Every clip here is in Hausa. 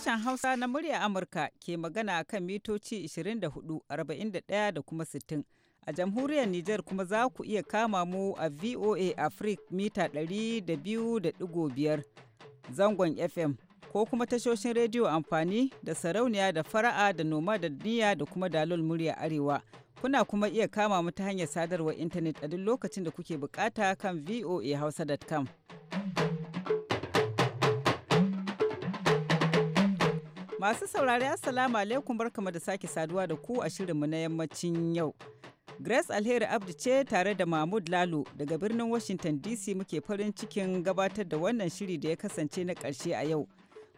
Sashen Hausa na murya Amurka ke magana kan mitoci 24, 41 da kuma 60. A jamhuriyar Nijar kuma za ku iya kama mu a VOA Africa mita 200.5 zangon FM ko kuma tashoshin rediyo amfani da sarauniya da fara'a da noma da niyya da kuma dalol murya arewa. Kuna kuma iya kama mu ta hanyar sadarwar intanet a duk lokacin da kuke bukata kan voahausa.com. Masu saurari Assalamu alaikum barkamu da sake saduwa da ku a shirinmu na yammacin yau. Grace Alheri Abdu ce tare da Mahmud Lalo daga birnin Washington DC muke farin cikin gabatar da wannan shiri da ya kasance na ƙarshe a yau.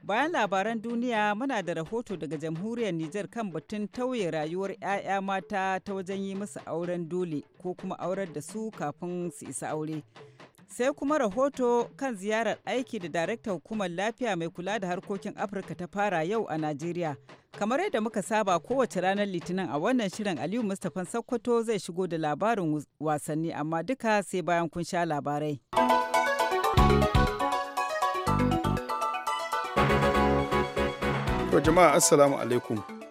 Bayan labaran duniya muna da rahoto daga jamhuriyar Nijar kan batun tauye rayuwar 'ya'ya mata ta wajen yi musu auren dole ko kuma aurar da su kafin su isa aure. sai kuma rahoto kan ziyarar aiki da daraktan hukumar lafiya mai kula da harkokin afirka ta fara yau a najeriya kamar yadda muka saba kowace ranar litinin a wannan shirin aliyu mustapha sokoto zai shigo da labarin wasanni amma duka sai bayan kun sha labarai to jama'a assalamu alaikum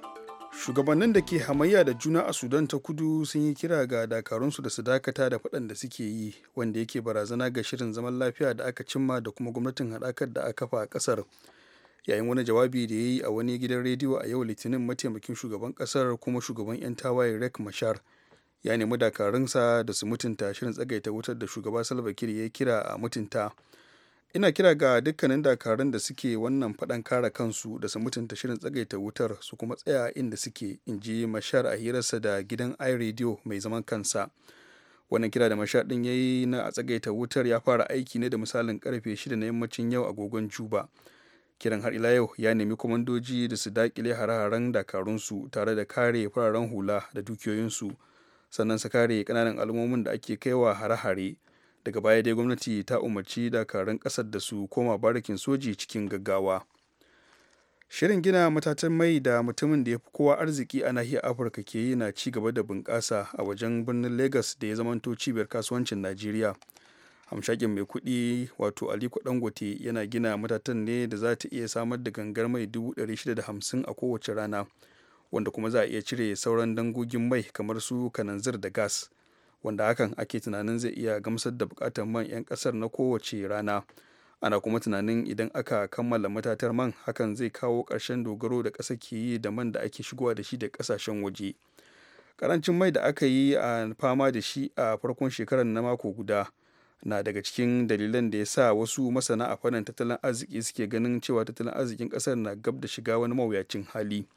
shugabannin da ke hamayya da juna a sudan ta kudu sun yi kira ga dakarunsu da su dakata da faɗan da suke yi wanda yake barazana ga shirin zaman lafiya da aka cimma da kuma gwamnatin haɗakar da aka kafa a ƙasar yayin wani jawabi da ya yi a wani gidan rediyo a yau litinin mataimakin shugaban ƙasar kuma shugaban 'yan tawaye rek mashar ya nemi dakarunsa da su mutunta shirin tsagaita wutar da shugaba salva kiir ya kira a mutunta ina kira ga dukkanin dakarun da suke wannan faɗan kare kansu da su mutunta shirin tsagaita wutar su kuma tsaya inda suke in ji mashar a hirarsa da gidan iradio mai zaman kansa wannan kira da mashar ɗin ya na a tsagaita wutar ya fara aiki ne da misalin karfe 6 na yammacin yau agogon juba kiran har ila yau ya nemi kwamandoji da su dakile hare-haren dakarunsu tare da kare fararen hula da dukiyoyin su sannan su kare ƙananan al'ummomin da ake kaiwa hare-hare daga baya dai gwamnati ta umarci dakarun kasar da su koma barikin soji cikin gaggawa shirin gina matatan mai da mutumin da ya fi kowa arziki a nahiyar afirka ke yi na ci gaba da bunƙasa a wajen birnin lagos da ya zamanto cibiyar kasuwancin najeriya hamshakin mai kuɗi wato aliko dangote yana gina matatan ne da za ta iya samar da gangar mai 650 a kowace rana wanda kuma za a iya cire sauran dangogin mai kamar su kananzir da gas wanda hakan ake tunanin zai iya gamsar da bukatar man 'yan kasar na kowace rana ana kuma tunanin idan aka kammala matatar man hakan zai kawo ƙarshen dogaro da ƙasa ke yi da man da ake shigowa da shi da kasashen waje karancin mai da aka yi a fama da shi a farkon shekarar na mako guda na daga cikin dalilan da ya sa wasu masana a fannin tattalin arziki suke ganin cewa tattalin arzikin ƙasar na gab da shiga wani mawuyacin hali.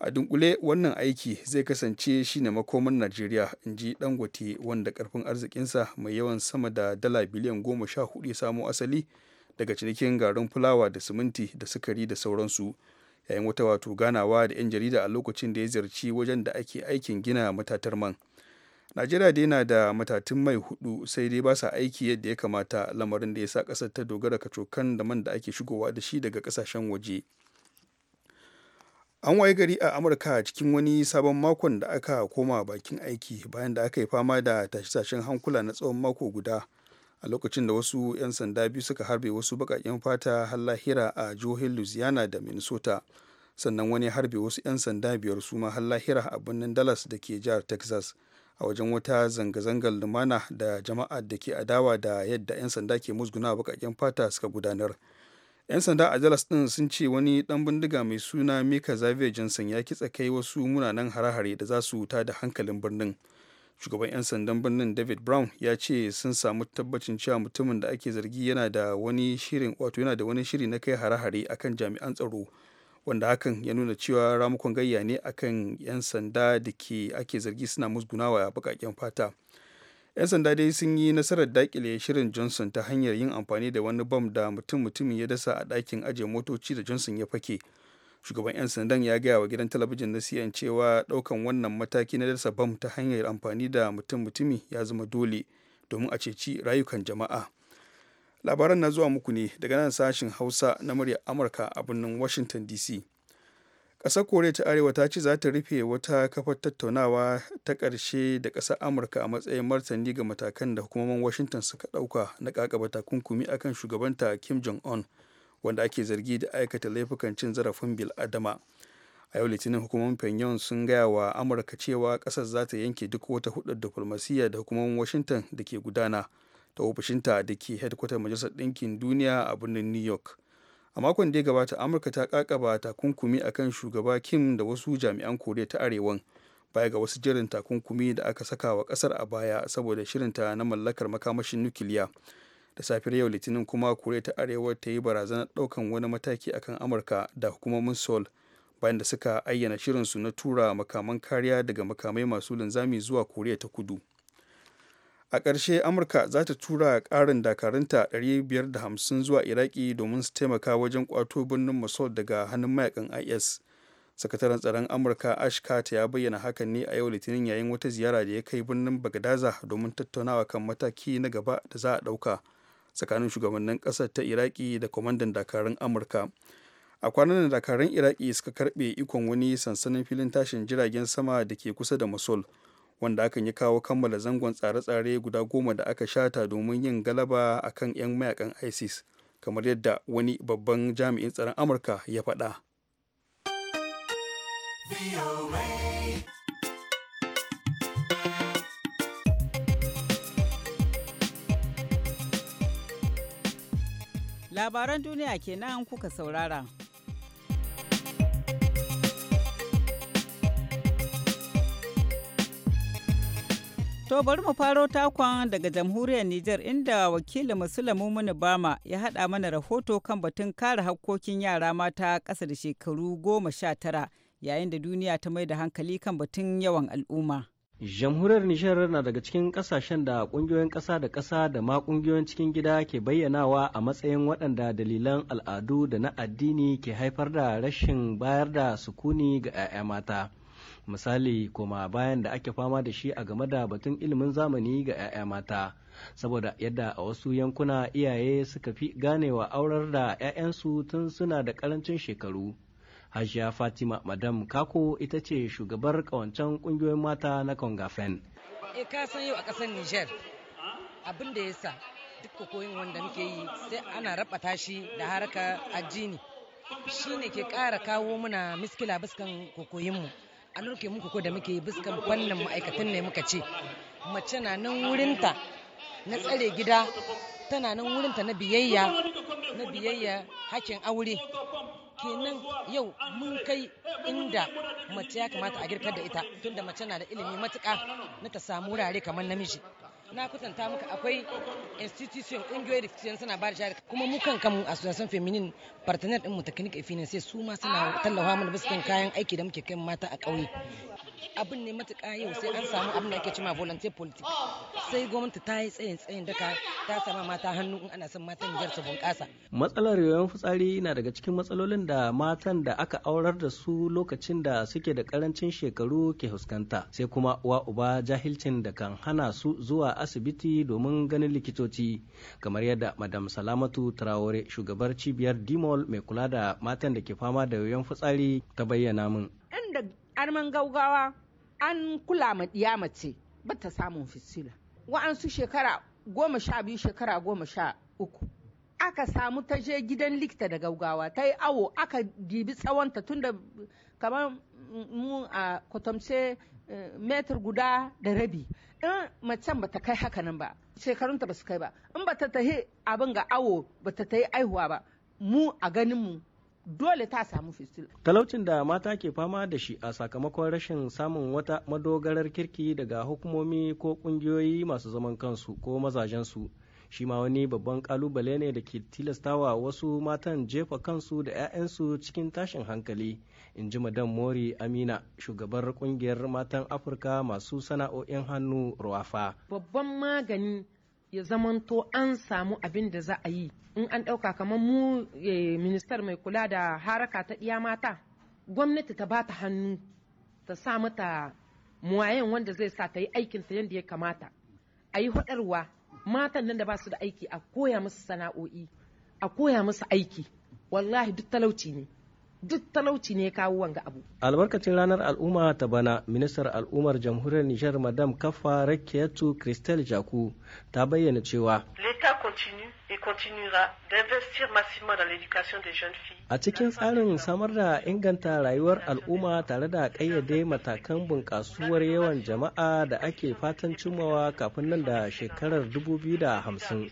a dunkule wannan aiki zai kasance shine makoman najeriya in ji dangote wanda karfin arzikinsa mai yawan sama da dala biliyan goma sha hudu samo asali daga cinikin garin fulawa da siminti da sukari da sauransu yayin wata wato ganawa da 'yan jarida a lokacin da ya ziyarci wajen da ake aikin gina matatar man najeriya dai na da matatun mai hudu sai dai ba sa aiki yadda ya kamata lamarin da ya sa kasar ta dogara kacokan da man da ake shigowa da shi daga kasashen waje An wayi gari a Amurka cikin wani sabon makon da aka koma bakin aiki bayan da aka yi fama da tashe-tashen hankula na tsawon mako guda a lokacin da wasu 'yan sanda biyu suka harbe wasu baƙaƙen fata har lahira a jihohin Louisiana da Minnesota. Sannan wani harbe wasu 'yan sanda biyar su ma har lahira a birnin Dallas da ke jihar Texas a wajen wata zanga-zangar lumana da jama'a da ke adawa da yadda 'yan sanda ke musguna baƙaƙen fata suka gudanar. 'yan sanda a jalas ɗin sun ce wani ɗan bindiga mai suna mika xavier johnson ya kitsa kai wasu munanan hare-hare da za su wuta da hankalin birnin shugaban 'yan sandan birnin david brown ya ce sun samu tabbacin cewa mutumin da ake zargi yana da wani shirin wato yana da wani shiri na kai hare-hare akan jami'an tsaro wanda hakan ya nuna cewa ramukan gayya ne akan 'yan sanda da ke ake zargi suna musgunawa baƙaƙen fata 'yan sanda dai sun yi nasarar dakile shirin johnson ta hanyar yin amfani da wani bom da mutum-mutumin ya dasa a dakin ajiye motoci da johnson ya fake shugaban 'yan sandan ya gaya wa gidan talabijin na cn cewa ɗaukan wannan mataki na dasa bom ta hanyar amfani da mutum-mutumi ya zama dole domin a ceci rayukan jama'a labaran na zuwa muku ne daga nan sashin hausa na murya amurka a birnin washington dc ƙasar koriya ta arewa ta ce za ta rufe wata kafar tattaunawa ta ƙarshe da ƙasar amurka a matsayin martani ga matakan da hukumomin washington suka ɗauka na ƙaƙaba takunkumi akan shugabanta kim jong un wanda ake zargi da aikata laifukan cin zarafin bil adama a yau litinin hukumomin pyongyang sun gaya wa amurka cewa ƙasar za ta yanke duk wata hudar diflomasiyya da hukumomin washington da ke gudana ta ofishinta da ke hedkwatar majalisar ɗinkin duniya a birnin new york a makon da ya gabata amurka ta kakaba takunkumi a kan shugaba kim da wasu jami'an koriya ta arewan baya ga wasu jirin takunkumi da aka saka wa kasar a baya saboda shirinta na mallakar makamashin nukiliya da safiyar yau litinin kuma koriya ta arewa ta yi barazanar daukan wani mataki akan amurka da hukumomin sol bayan da suka ayyana shirinsu na tura makaman kariya daga makamai masu linzami zuwa koriya ta kudu a ƙarshe amurka za ta tura ƙarin dakarunta 550 zuwa iraki domin su taimaka wajen ƙwato birnin mosul daga hannun mayakan is sakataren tsaron amurka ashkata ya bayyana hakan ne a yau litinin yayin wata ziyara da ya kai birnin bagdaza domin tattaunawa kan mataki na gaba da za a ɗauka tsakanin shugabannin ƙasar ta iraki da kwamandan dakarun amurka a kwanan da dakarun iraki suka karbe ikon wani sansanin filin tashin jiragen sama da ke kusa da mosul wanda hakan ya kawo kammala zangon tsare-tsare guda goma da aka shata domin yin galaba a kan 'yan mayakan isis kamar yadda wani babban jami'in tsaron amurka ya faɗa labaran duniya kenan kuka saurara To bari mu faro takon daga jamhuriyar Nijar inda wakilin Musulamu Muni Bama ya haɗa mana rahoto kan batun kare hakkokin yara mata ƙasa da shekaru goma sha tara yayin da duniya ta mai da hankali kan batun yawan al'umma. Jamhuriyar Nijar na daga cikin kasashen da kungiyoyin ƙasa da ƙasa da ma kungiyoyin cikin gida ke bayyanawa a matsayin waɗanda dalilan al'adu da na addini ke haifar da rashin bayar da sukuni ga 'ya'ya mata. misali koma bayan da ake fama da shi a game da batun ilimin zamani ga 'ya'ya mata saboda yadda a wasu yankuna iyaye suka fi ganewa aurar da 'ya'yansu tun suna da karancin shekaru hajiya fatima madam kako ita ce shugabar kawancen kungiyoyin mata na kongafen e eh, ka san yau a kasar niger abin da ya sa duk koyin wanda muke yi sai ana rabata shi da harkar addini shine ke kara kawo muna miskila biskan kokoyinmu a lurke muku ko da muke yi biskan wannan ma'aikatan ne muka ce mace na nan wurinta na tsare gida tana nan wurinta na biyayya na biyayya hakin aure kenan yau mun kai inda mace ya kamata a girkar da ita tunda mace na da ilimi matuka na ta samu wurare kamar namiji na kusanta muka akwai institution kungiyoyi da kiyan suna bada shari'a kuma mu kan kanmu association feminin partner din mu a finance su ma suna tallafa mana bisa kayan aiki da muke kai mata a ƙauye abin ne matuƙa yau sai an samu abin da ake cima volunteer politics sai gwamnati ta yi tsayin tsayin daka ta sama mata hannu in ana son matan jihar su bunƙasa. matsalar yoyon fitsari na daga cikin matsalolin da matan da aka aurar da su lokacin da suke da karancin shekaru ke fuskanta sai kuma uwa uba jahilcin da kan hana su zuwa asibiti domin ganin likitoci kamar yadda madam salamatu traore shugabar cibiyar dimol mai kula da matan da ke fama da yoyon fitsari ta bayyana min. arman gaugawa an kula ma ɗiya mace bata samun fisila wa'ansu shekara goma sha biyu shekara goma sha uku aka samu ta je gidan likita da gaugawa ta yi awo aka dibi tsawonta tun da kamar mu a kwatamce eh, metar guda da rabi in macen bata kai hakanan ba shekarunta ba su kai ba in bata tahi abin ga awo bata yi aihuwa ba mu a ganin mu dole ta samu fistil. Talaucin da mata ke fama da shi a sakamakon rashin samun wata madogarar kirki daga hukumomi ko kungiyoyi masu zaman kansu ko mazajensu. Shi ma wani babban kalubale ne da ke tilastawa wasu matan jefa kansu da 'ya'yansu cikin tashin hankali, in ji Madam Mori Amina, shugabar kungiyar matan Afirka masu sana'o'in hannu Ruwafa. Babban magani ya zamanto an samu abin da za a yi in an ɗauka kamar mu eh, ministar mai kula da haraka ta ɗiya mata gwamnati ta ba ta hannu ta sa mata muwayen wanda zai sa ta yi aikinta yadda ya kamata a yi haɗarwa matan nan da ba su da aiki a koya musu sana'o'i a koya musu aiki wallahi duk talauci ne duk talauci ne kawo wanga abu. Albarkacin ranar al'umma ta bana, ministar al'ummar jamhuriyar Nijar Madam Kafa Rakiyatu Christelle Jaku ta bayyana cewa. A cikin tsarin samar da inganta rayuwar al'umma tare da ƙayyade matakan bunƙasuwar yawan jama'a da ake fatan cimawa kafin nan da shekarar 2050.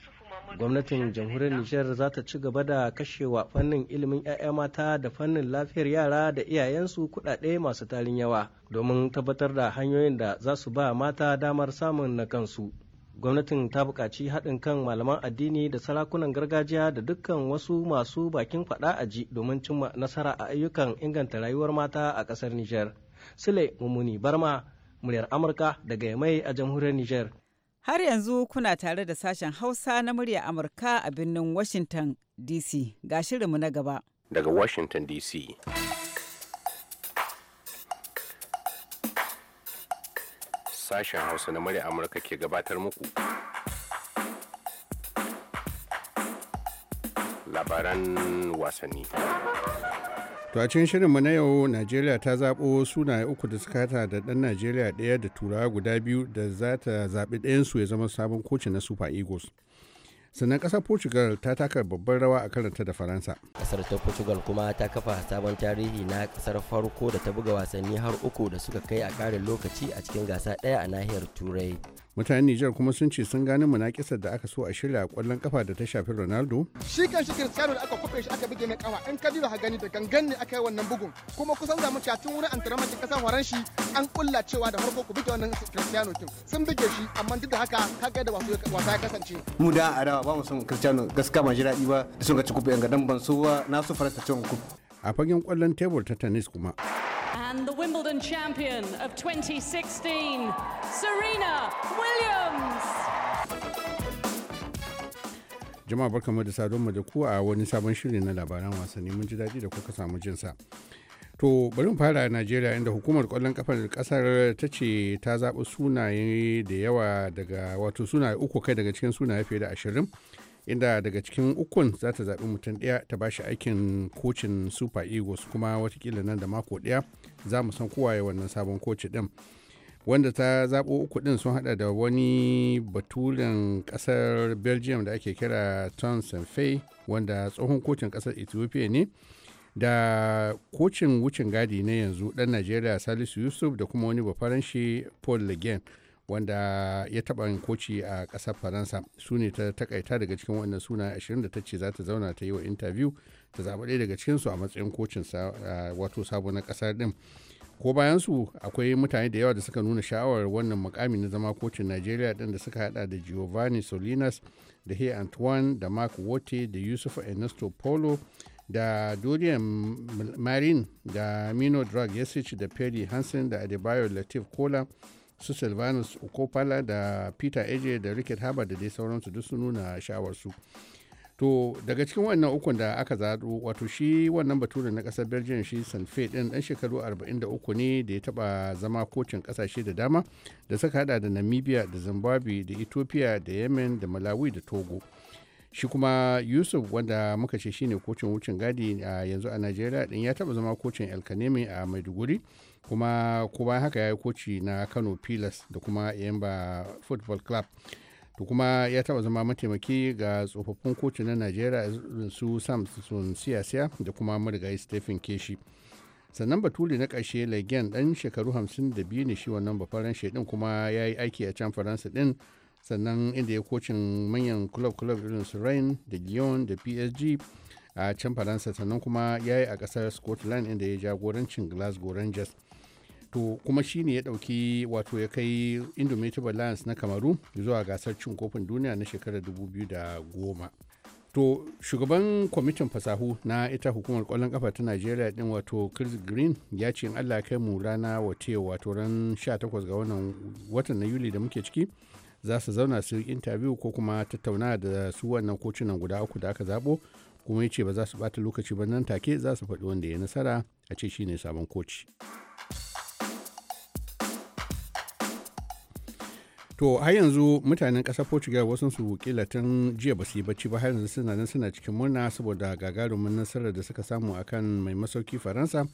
gwamnatin jamhuriyar nijar za ta ci gaba da kashewa fannin ilimin 'ya'ya mata da fannin lafiyar yara da iyayensu kudade masu tarin yawa domin tabbatar da hanyoyin da za su ba mata damar samun na kansu gwamnatin ta buƙaci haɗin kan malaman addini da sarakunan gargajiya da dukkan wasu masu bakin faɗa a ji domin cimma nasara a ayyukan inganta rayuwar mata a ƙasar nijar sule mummuni barma muryar amurka daga mai a jamhuriyar nijar Har yanzu kuna tare da sashen Hausa na murya Amurka a birnin Washington DC ga shirinmu na gaba. Daga Washington DC. Sashen Hausa na murya Amurka ke gabatar muku. Labaran wasanni. To a cikin shirinmu na yau Najeriya ta zaɓo sunaye uku da suka hata da ɗan Najeriya ɗaya da turawa guda biyu da za ta zaɓi ɗayansu ya zama sabon kocin na Super Eagles. sannan ƙasar portugal ta taka babbar rawa a karanta da faransa ƙasar ta portugal kuma ta kafa sabon tarihi na ƙasar farko da ta buga wasanni har uku da suka kai a ƙarin lokaci a cikin gasa ɗaya a nahiyar turai mutanen Nijar kuma sun ce sun na munakisar da aka so a shirya a kwallon kafa da ta shafi Ronaldo. Shi kan shi Cristiano da aka kufe shi aka buge mai kawa in ka ji ka gani da gangan ne aka yi wannan bugun kuma kusan zamu ci tun wurin antrenament din kasan horan shi an kulla cewa da farko ku buge wannan Cristiano kin sun buge shi amma duk da haka ka ga da wasu wasa ya kasance. Mu da adawa ba mu son Cristiano gaskiya ma ji daɗi ba da sun ga ci kufe ga dan ban so na so farasta cin kufe. A fagen kwallon tebur ta tennis kuma. and the Wimbledon champion of 2016, Serena Williams. Jama'a barkamu da sadonmu da ku a wani sabon shiri na labaran wasanni mun ji daɗi da kuka samu jinsa. To bari mu fara a Najeriya inda hukumar kwallon kafar kasar ta ce ta zaɓi sunaye da yawa daga wato sunaye uku kai daga cikin sunaye fiye da ashirin inda daga cikin ukun za ta zaɓi mutum ɗaya ta bashi aikin kocin super eagles kuma watakila nan da mako ɗaya za mu san kowaye wannan sabon koci ɗin wanda ta zaɓo uku ɗin sun haɗa da wani baturin ƙasar belgium da ake kira ton sanfei wanda tsohon kocin ƙasar ethiopia ne da kocin wucin gadi na yanzu ɗan najeriya salisu yusuf da kuma wani bafaranshi paul legend wanda ya taɓa koci a ƙasar faransa su ne ta takaita daga cikin wannan suna 20 da ta ce za ta zauna ta yi wa intabiyu ta zaɓa ɗaya daga cikinsu a matsayin kocin wato sabo na ƙasar ɗin ko bayan su akwai mutane da yawa da suka nuna sha'awar wannan mukami na zama kocin najeriya ɗin da suka haɗa da giovanni solinas da he antoine da mark wote da yusuf ernesto polo da dorian marin da mino drag yesich da perry hansen da adebayo latif kola su silvanus okopala da peter eje da ricket harbour da dai sauransu duk su nuna sha'awarsu to daga cikin wannan ukun da aka zaɗo wato shi wannan bature na ƙasar belgium shi sanfe ɗin ɗan shekaru 43 ne da ya taɓa zama kocin ƙasashe da dama da suka haɗa da namibia da zimbabwe da ethiopia da yemen da malawi da togo shi kuma yusuf wanda muka ce shine kocin wucin gadi a yanzu a nigeria ɗin ya taɓa zama kocin elkanemi a maiduguri kuma ko bayan haka ya yi koci na kano pilas da kuma yamba football club da kuma ya taba zama mataimaki ga tsofaffin koci na najeriya su samson siyasiya da kuma marigayi stephen keshi sannan batuli na ƙarshe legion ɗan shekaru 52 ne shi wannan bafaranshe din kuma ya yi aiki a can faransa din sannan inda ya kocin manyan club-club irin su rain da lyon da psg a can faransa sannan kuma ya yi a ƙasar scotland inda ya jagorancin glasgow rangers to kuma shi ne ya ɗauki wato ya kai indomitable lions na kamaru zuwa gasar cin kofin duniya na shekarar 2010 to shugaban kwamitin fasahu na ita hukumar kwallon kafa ta najeriya din wato chris green ya ce in allah kai mu rana wate wato ran 18 ga wannan watan na yuli da muke ciki za su zauna su interview ko kuma tattauna da su wannan kocinan guda uku da aka zabo kuma ya ce ba za su bata lokaci ba nan take za su faɗi wanda ya nasara a ce shine sabon koci. to har yanzu mutanen ƙasar portugal wasu su kila tun jiya ba su yi bacci ba har yanzu suna nan suna cikin murna saboda gagarumin nasarar da suka samu akan mai masauki faransa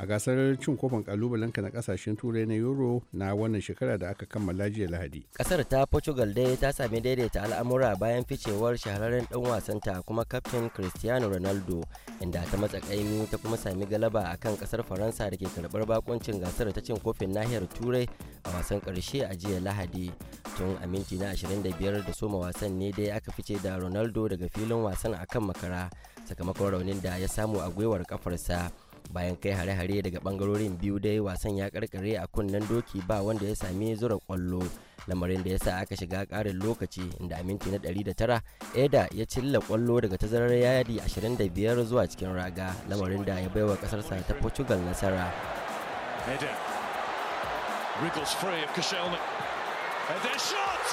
a gasar cin kofin kalubalen na kasashen turai na euro na wannan shekara da aka kammala jiya lahadi kasar ta portugal dai ta sami daidaita al'amura bayan ficewar shahararren dan wasanta kuma kaftin cristiano ronaldo inda ta matsa kaimi ta kuma sami galaba akan kasar faransa da ke karbar bakuncin gasar ta cin kofin nahiyar turai a wasan karshe a jiya lahadi tun a minti na 25 da soma wasan ne dai aka fice da ronaldo daga filin wasan akan makara sakamakon raunin da ya samu a gwiwar kafarsa. bayan kai hare-hare daga bangarorin biyu dai wasan ya karkare a kunnen doki ba wanda ya sami zura kwallo lamarin da ya sa aka shiga karin lokaci inda minti na 109 eda ya cilla kwallo daga tazarar yadi 25 zuwa cikin raga lamarin da ya baiwa kasarsa ta portugal nasara And shot!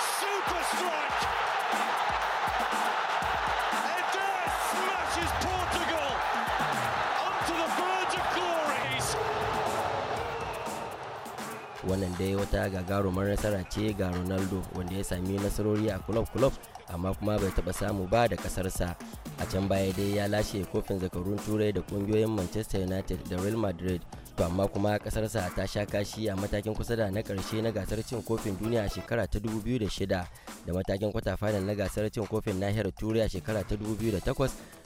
Super strike! wannan dai wata gagarumar nasara ce ga ronaldo wanda ya sami nasarori a kulob kulob amma kuma bai taba samu ba da kasarsa a can baya dai ya lashe kofin zakarun turai da kungiyoyin manchester united da real madrid to amma kuma kasarsa ta sha kashi a matakin kusa da na karshe na gasar cin kofin duniya a shekara ta 2006 da matakin kwata final na gasar cin kofin nahiyar turai a shekara ta 2008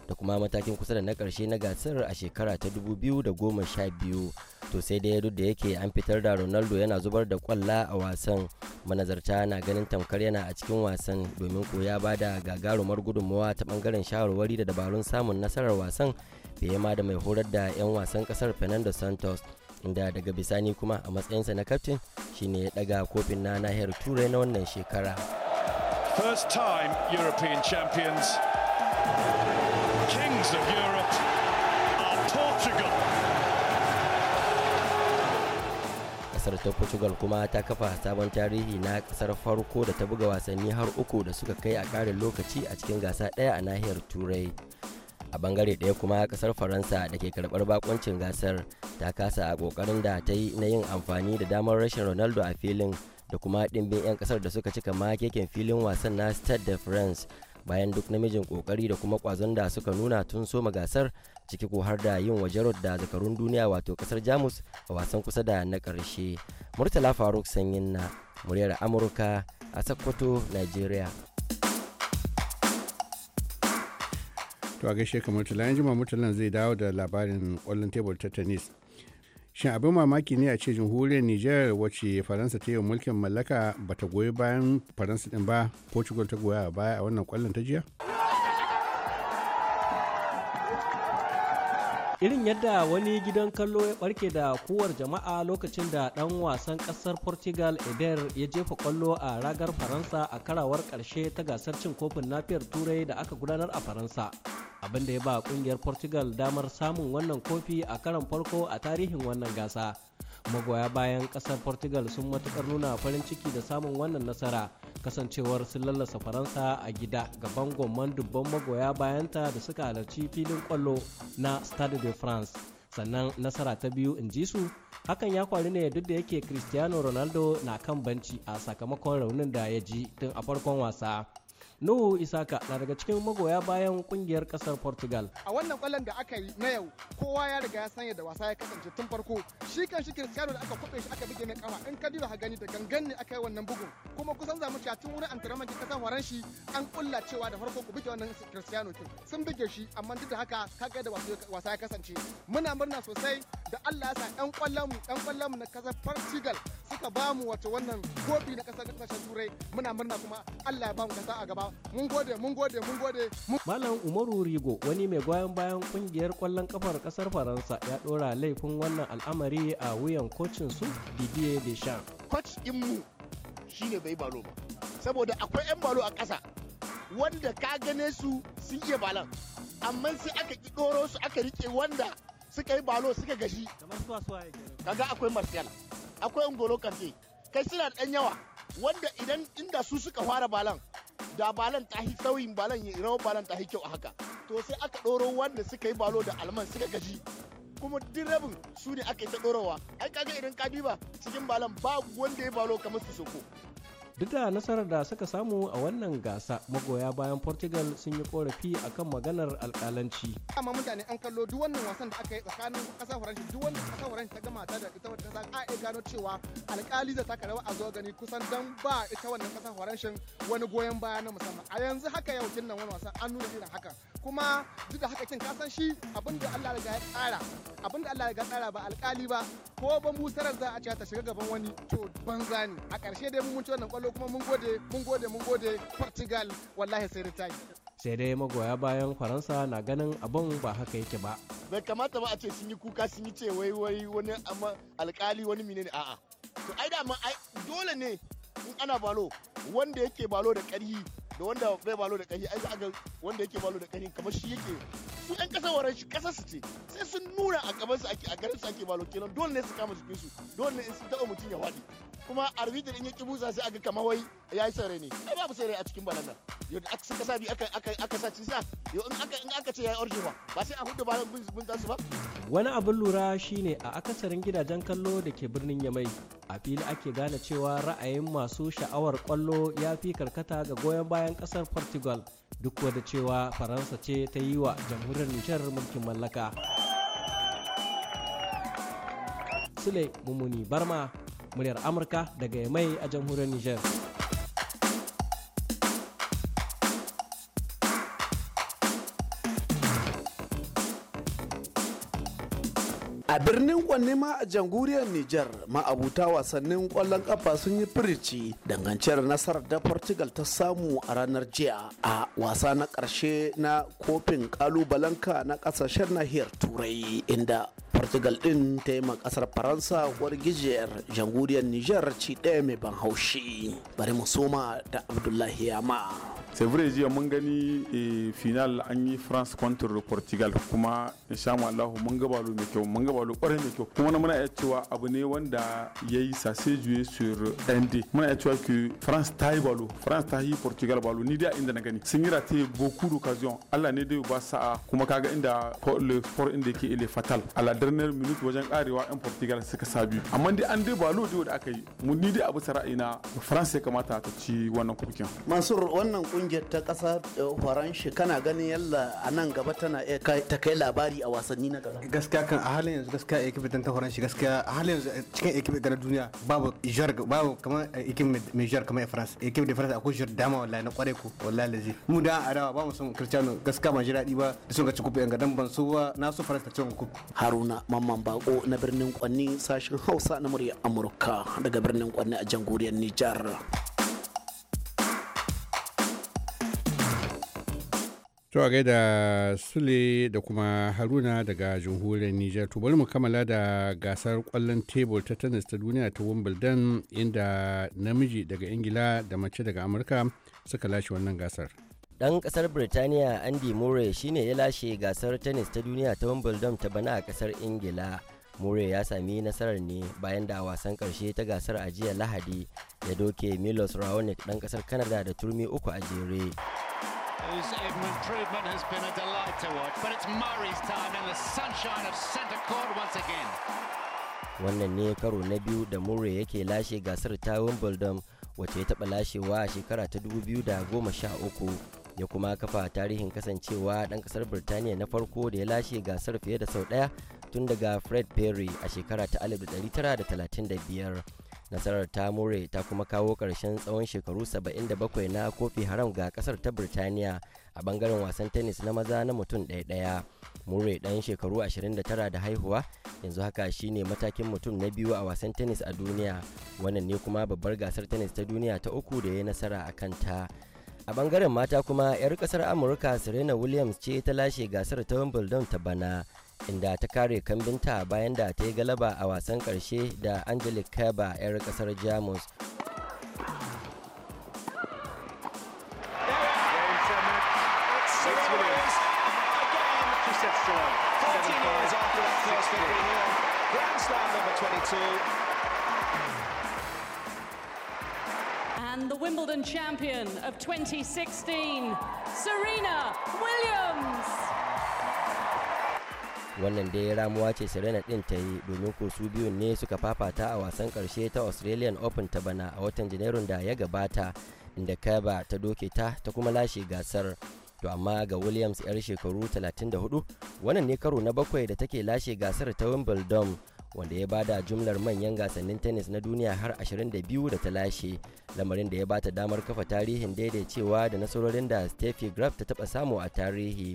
da kuma matakin kusa da na karshe na gasar a shekara ta 2012 to sai dai duk da yake an fitar da ronaldo yana zubar da kwalla a wasan manazarta na ganin tamkar yana a cikin wasan domin ko ya ba da gagarumar gudunmawa ta bangaren shawarwari da dabarun samun nasarar wasan fiye ma da mai horar da 'yan wasan kasar fernando santos inda daga bisani kuma a matsayinsa na kaftin shine ya daga kofin na nahiyar turai na wannan shekara first time european champions kings of Europe Portugal. Kasar ta Portugal kuma ta kafa sabon tarihi na kasar farko da ta buga wasanni har uku da suka kai a ƙarin lokaci a cikin gasa ɗaya a nahiyar Turai. A bangare ɗaya kuma ƙasar Faransa da ke karɓar bakoncin gasar ta kasa a ƙoƙarin da ta yi na yin amfani da damar rashin Ronaldo a filin da kuma ɗimbin 'yan kasar da suka cika makekin filin wasan na Stade de France bayan duk namijin kokari da kuma kwazon da suka nuna tun soma gasar ciki ko har da yin waje da zakarun duniya wato kasar jamus a wasan kusa da na karshe murtala faruk sanyin na muryar amurka a sakkwato nigeria to a gaishe kamar tulayen jima mamutalan zai dawo da labarin kwallon tebur ta tennis shin abin mamaki ne a ce jamhuriyar niger wacce faransa ta yi mulkin mallaka ba ta goyi bayan faransa din ba portugal ta goya baya a wannan kwallon ta jiya irin yadda wani gidan kallo ya barke da kowar jama'a lokacin da dan wasan kasar portugal eder ya jefa kwallo a ragar faransa a karawar karshe ta gasar cin kofin nafiyar turai da aka gudanar a faransa abin da ya ba kungiyar portugal damar samun wannan kofi a karon farko a tarihin wannan gasa magoya bayan kasar portugal sun matukar nuna farin ciki da samun wannan nasara kasancewar sun lallasa faransa a gida gaban gomman dubban magoya bayanta da suka halarci filin kwallo na stade de france sannan nasara ta biyu in ji su hakan ya kwari ne duk da yake cristiano ronaldo na kan banci a sakamakon raunin da ya ji tun a farkon wasa Nuhu Isaka na daga cikin magoya bayan kungiyar kasar Portugal. A wannan kwallon da aka yi na yau kowa ya riga ya sanya da wasa ya kasance tun farko shi kan shi Cristiano da aka kuɓe shi aka buge mai kama in ka ha gani da gangan ne aka yi wannan bugun kuma kusan zamu ci tun wurin antrenman ki kasan horan shi an kulla cewa da farko ku buge wannan Cristiano kin sun buge shi amma duk da haka kaga da wasa ya kasance muna murna sosai da Allah ya sa ɗan kwallon mu ɗan kwallon mu na kasar Portugal aka ba mu wace wannan kofi na kasar kasashen turai muna murna kuma Allah ya ba mu kasa a gaba mun gode mun gode mun gode Malam Umaru Rigo wani mai goyon bayan kungiyar kwallon kafar kasar Faransa ya dora laifin wannan al'amari a wuyan kocin su Didier Deschamps coach din shine bai balo ba saboda akwai yan balo a kasa wanda ka gane su sun iya balan amma sai aka ki su aka rike wanda suka yi balo suka gashi kaga akwai martial akwai ungolo kante kai suna da ɗan yawa wanda idan inda su suka fara balan da balan ta hi sauyin balan ya rawa balan ta hi kyau a haka to sai aka ɗoro wanda suka yi balo da alman suka gaji kuma duk rabin su ne aka yi ta ɗorowa ai kaga idan ka duba cikin balan babu wanda ya balo kamar su soko duk da nasarar da suka samu a wannan gasa magoya bayan portugal sun yi korafi akan maganar alkalanci amma mutane an kallo duk wannan wasan da aka yi tsakanin kasa faransa duk wannan kasa faransa ta gama ta da ita wata kasa a gano cewa alkali zai taka rawa a zo gani kusan dan ba ita wannan kasa faransa wani goyon baya na musamman a yanzu haka yau kin nan wani wasan an nuna irin haka kuma duk da haka kin san shi abinda Allah ya ya tsara abinda Allah ya tsara ba alkali ba ko ba musarar za a ci ta shiga gaban wani to banza ne a ƙarshe dai mun ci wannan kwallo ko kuma mun gode mun gode mun gode Portugal wallahi sai ritaya. Sai dai magoya bayan Faransa na ganin abin ba haka yake ba. Bai kamata ba a ce sun yi kuka sun yi ce wai wai wani amma alkali wani menene a'a. To ai da ai dole ne in ana balo wanda yake balo da ƙarhi da wanda bai balo da ƙarhi ai za ga wanda yake balo da ƙarhi kamar shi yake su ɗan ƙasar waran shi ƙasar su ce sai sun nuna a gaban ake a garin su ake balo kenan dole ne su kama jikinsu su dole ne in sun taɓa mutum ya waɗi kuma arbitr in ya ki busa sai aga kamar wai ya yi sare ne ai babu sare a cikin balan nan yau da aka sa sabi aka aka aka saci sa yau in aka in aka ce yayi orji ba ba sai a hudu ba balan bin za su ba wani abin lura shine a akasarin gidajen kallo da ke birnin yamai a fili ake gane cewa ra'ayin masu sha'awar kwallo ya fi karkata ga goyon bayan kasar portugal duk da cewa faransa ce ta yi wa jamhuriyar nijar mulkin mallaka sule mummuni barma muryar amurka daga mai a jamhuriyar niger a birnin kwanne ma a janguriyar niger ma'abuta wasannin kwallon kafa sun yi firici dangancewar nasarar da portugal ta samu a ranar jiya a wasa na ƙarshe na kofin ƙalubalenka na ƙasashen nahiyar turai inda portugal din ta yi kasar faransa gijiyar jamhuriyar niger ci ɗaya mai ban haushi bari mu soma da abdullahi yama c'est vrai jiya mun gani e, eh, final an yi france contre portugal kuma insha Allah mun ga balo mai kyau mun ga balo kwarai mai kyau kuma muna iya cewa abu ne wanda ya yi sase juye sur nd muna iya cewa que france ta yi balo france ta yi portugal balo ni dai inda na gani sun yi rate beaucoup d'occasion Allah ne dai ba sa'a kuma kaga inda le fort inda yake ile fatal a la dernière minute wajen karewa yan portugal suka sa biyu amma dai an dai balo dai wanda aka yi mun ni dai abu sara'ina france ya kamata ta ci wannan kukin mansur wannan kungiyar ta eh, horon shi kana ganin yalla a nan gaba tana ta kai labari a wasanni na gaba gaskiya kan a halin yanzu gaskiya ekip ta shi gaskiya a halin yanzu eh, cikin ekip ga duniya babu jar babu kamar eh, ekip mai jar kamar france ekip da france akwai jar dama wallahi na kware ku wallahi lazi mu da adawa ba mu son cristiano gaskiya ba ji daɗi ba da sun ga ci kuɓe gadan ban so ba na so france ta ci kuɓe haruna mamman bako na birnin kwanni sashen hausa na murya amurka daga birnin kwanni a jamhuriyar nijar To a gaida Sule da kuma Haruna daga jamhuriyar Nijar. To bari mu kammala da gasar kwallon tebur ta tennis ta duniya ta Wimbledon inda namiji daga Ingila da mace daga Amurka suka lashe wannan gasar. Dan kasar Birtaniya Andy Murray shine ya lashe gasar tennis ta duniya ta Wimbledon ta bana a kasar Ingila. Murray ya sami nasarar ne bayan da a wasan karshe ta gasar a jiya Lahadi ya doke Milos Raonic dan kasar Canada da turmi uku a jere. whose improvement has been a delight to watch. But it's Murray's time in the sunshine of centre court once again. Wannan ne karo na biyu da Murray yake lashe gasar ta Wimbledon wacce ya taɓa lashewa a shekara ta 2013 ya kuma kafa tarihin kasancewa ɗan ƙasar Birtaniya na farko da ya lashe gasar fiye da sau ɗaya tun daga Fred Perry a shekara ta 1935. nasarar ta more ta kuma kawo ƙarshen tsawon shekaru 77 na kofi haram ga kasar ta birtaniya a bangaren wasan tennis na maza na mutum ɗaya-ɗaya more ɗan shekaru 29 da haihuwa yanzu haka shine matakin mutum na biyu a wasan tennis a duniya wannan ne kuma babbar gasar tennis ta duniya ta uku da ya nasara a kanta a bangaren mata kuma 'yar kasar amurka serena williams ce ta lashe gasar ta wimbledon ta bana inda ta kare kambinta bayan da ta yi galaba a wasan karshe da angelic kerber 'yar kasar jamus And the Wimbledon champion of 2016, Serena Williams. wannan dai ramuwa ce serena din ta yi domin ko su biyun ne suka fafata a wasan karshe ta australian open ta bana a watan janairun da ya gabata inda kaba ta doke ta ta kuma lashe gasar to amma ga williams yar shekaru 34 wannan ne karo na bakwai da take lashe gasar ta wimbledon wanda ya bada jumlar manyan gasannin tennis na duniya har 22 da ta lashe lamarin da ya bata damar kafa tarihin daidaicewa da nasarorin da steffi graf ta taba samu a tarihi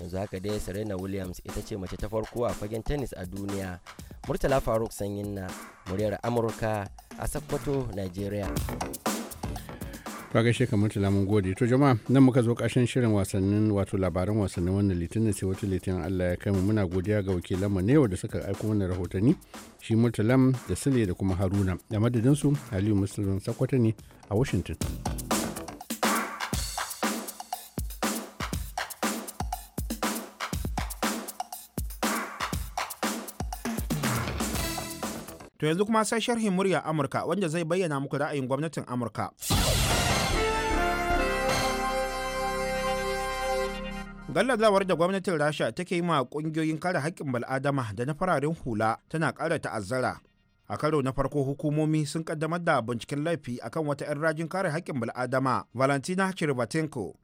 yanzu haka dai serena williams ita ce mace ta farko a fagen tennis a duniya murtala faruk sanyin na muryar amurka a sakkwato nigeria ka gaishe kamar mun gode to jama'a nan muka zo kashin shirin wasannin wato labaran wasannin wannan litinin sai wata litinin allah ya kai mu muna godiya ga wakilan mu yau da suka aiko mana rahotanni shi murtalam da sule da kuma haruna da madadin su aliyu musulun sakwata ne a washington To yanzu kuma sai sharhin murya Amurka wanda zai bayyana muku ra'ayin gwamnatin Amurka. Gallazawar da gwamnatin Rasha take yi ma kungiyoyin kare haƙƙin bal'adama da na fararen hula tana ƙara ta'azzara. A karo na farko hukumomi sun kaddamar da binciken laifi akan wata 'yan rajin kare haƙƙin bal'adama Valentina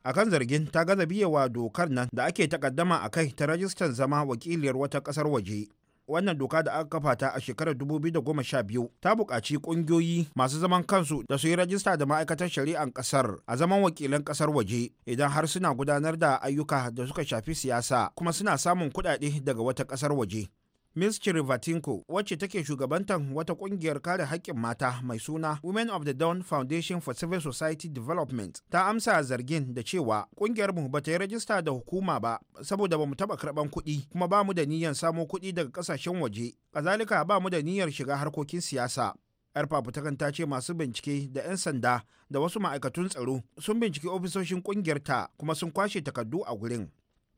a kan zargin ta gaza biyewa dokar nan da ake takaddama a kai ta rajistan zama wakiliyar wata ƙasar waje. wannan doka da aka kafa ta a shekarar 2012 ta buƙaci ƙungiyoyi masu zaman kansu da su yi rajista da ma'aikatar shari'ar ƙasar a zaman wakilan ƙasar waje idan har suna gudanar da ayyuka da suka shafi siyasa kuma suna samun kuɗaɗe daga wata ƙasar waje. Ms. Chirivatinko, wacce take shugabantar wata kungiyar kare haƙƙin mata mai suna Women of the Dawn Foundation for Civil Society Development, ta amsa zargin da cewa kungiyar mu ta yi rajista da hukuma ba saboda bamu taba karɓan kuɗi kuma ba mu da niyyar samo kuɗi daga ƙasashen waje. Kazalika mu da niyyar shiga harkokin siyasa. yar fafutakan ta ce masu bincike da 'yan sanda da wasu ma'aikatun tsaro sun binciki ofisoshin kungiyar ta kuma sun kwashe takardu a gurin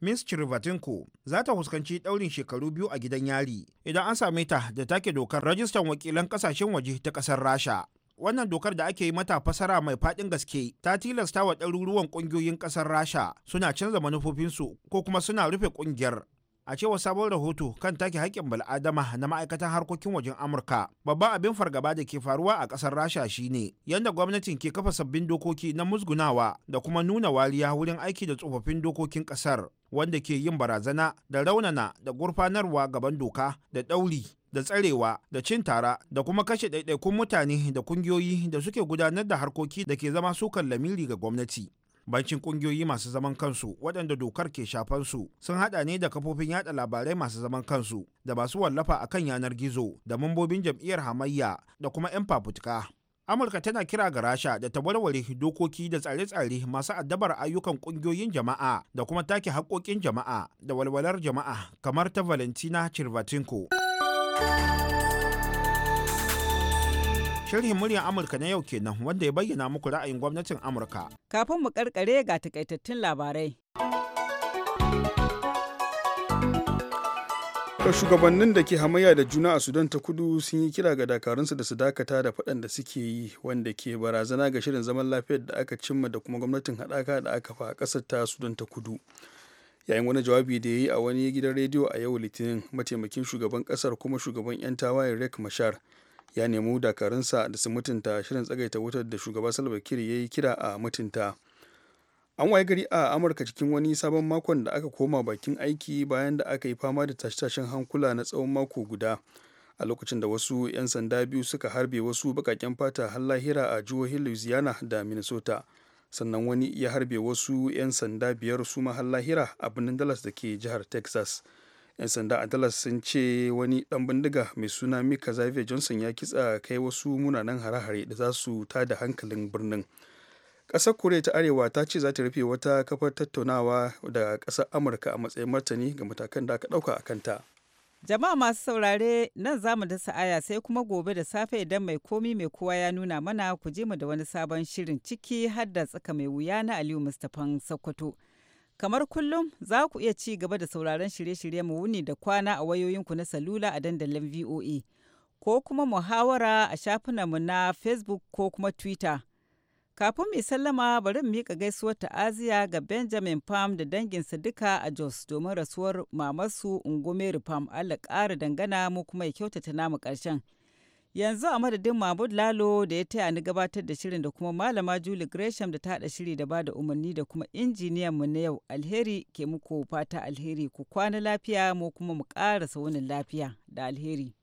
Ms. Chirivatinko za ta fuskanci ɗaurin shekaru biyu a gidan yari idan an same ta da take dokar rajistan wakilan ƙasashen waje ta ƙasar Rasha. Wannan dokar da ake yi mata fasara mai faɗin gaske ta tilasta wa ɗaruruwan ƙungiyoyin ƙasar Rasha suna canza manufofinsu ko kuma suna rufe ƙungiyar a cewa sabon rahoto kan take hakkin bal'adama na ma'aikatan harkokin wajen amurka babban abin fargaba da ke faruwa a ƙasar rasha shine yadda gwamnatin ke kafa sabbin dokoki na musgunawa da kuma nuna wariya wurin aiki da tsofaffin dokokin ƙasar wanda ke yin barazana da raunana da gurfanarwa gaban doka da ɗauri da tsarewa da cin tara da kuma kashe ɗaiɗaikun mutane da kungiyoyi da suke gudanar da harkoki da ke zama sukan lamiri ga gwamnati bakin kungiyoyi masu zaman kansu waɗanda dokar ke shafan su sun hada ne da kafofin yada labarai masu zaman kansu da masu wallafa akan yanar gizo da mambobin jam'iyyar hamayya da kuma 'yan fafutuka amurka tana kira ga rasha da ta warware dokoki da tsare-tsare masu addabar ayyukan kungiyoyin jama'a da kuma take haƙoƙin jama'a da walwalar jama'a kamar ta valentina chirvatinko Sharhin muryar Amurka na yau kenan wanda ya bayyana muku ra'ayin gwamnatin Amurka. Kafin mu karkare ga takaitattun labarai. shugabannin da ke hamayya da juna a sudan ta kudu sun yi kira ga dakarunsu da su dakata da faɗan da suke yi wanda ke barazana ga shirin zaman lafiyar da aka cimma da kuma gwamnatin haɗaka da aka fa a ƙasar ta sudan ta kudu yayin wani jawabi da ya yi a wani gidan rediyo a yau litinin mataimakin shugaban ƙasar kuma shugaban 'yan tawayen rek mashar ya nemi dakarunsa da su mutunta shirin tsagaita wutar da shugaba salva kiir ya yi kira a mutunta an waye gari a amurka cikin wani sabon makon da aka koma bakin aiki bayan da aka yi fama da tashe-tashen hankula na tsawon mako guda a lokacin da wasu 'yan sanda biyu suka harbe wasu bakaken fata har lahira a jihohin louisiana da minnesota sannan wani ya harbe wasu 'yan sanda biyar su har lahira a birnin dallas da ke jihar texas 'yan sanda a dallas sun ce wani dan bindiga mai suna mika xavier johnson ya kitsa kai wasu munanan hare-hare da za su ta da hankalin birnin ƙasar korea ta arewa ta ce za ta rufe wata kafar tattaunawa da ƙasar amurka a matsayin martani ga matakan da aka ɗauka a kanta jama'a masu saurare nan za mu dasa aya sai kuma gobe da safe idan mai komi mai kowa ya nuna mana ku je mu da wani sabon shirin ciki har da tsaka mai wuya na aliyu mustapha sokoto Kamar kullum za ku iya ci gaba da sauraron shirye-shirye mu wuni da kwana a wayoyinku na salula a dandalin VOA ko kuma muhawara a mu na Facebook ko kuma Twitter. Kafin mai sallama bari mu miƙa gaisuwar ta'aziya ga Benjamin Pam da danginsa duka a Jos domin rasuwar mamarsu Ungomeri Pam Allah ƙara dangana mu kuma ya kyautata namu ƙarshen. Yanzu a madadin Mahmud Lalo da ya taya ni gabatar da shirin da kuma Malama Julie Gresham da ta haɗa shiri da ba da umarni da kuma injiniyan mu na yau alheri ke muku fata alheri ku kwana lafiya mu kuma mu ƙara saunin lafiya da alheri.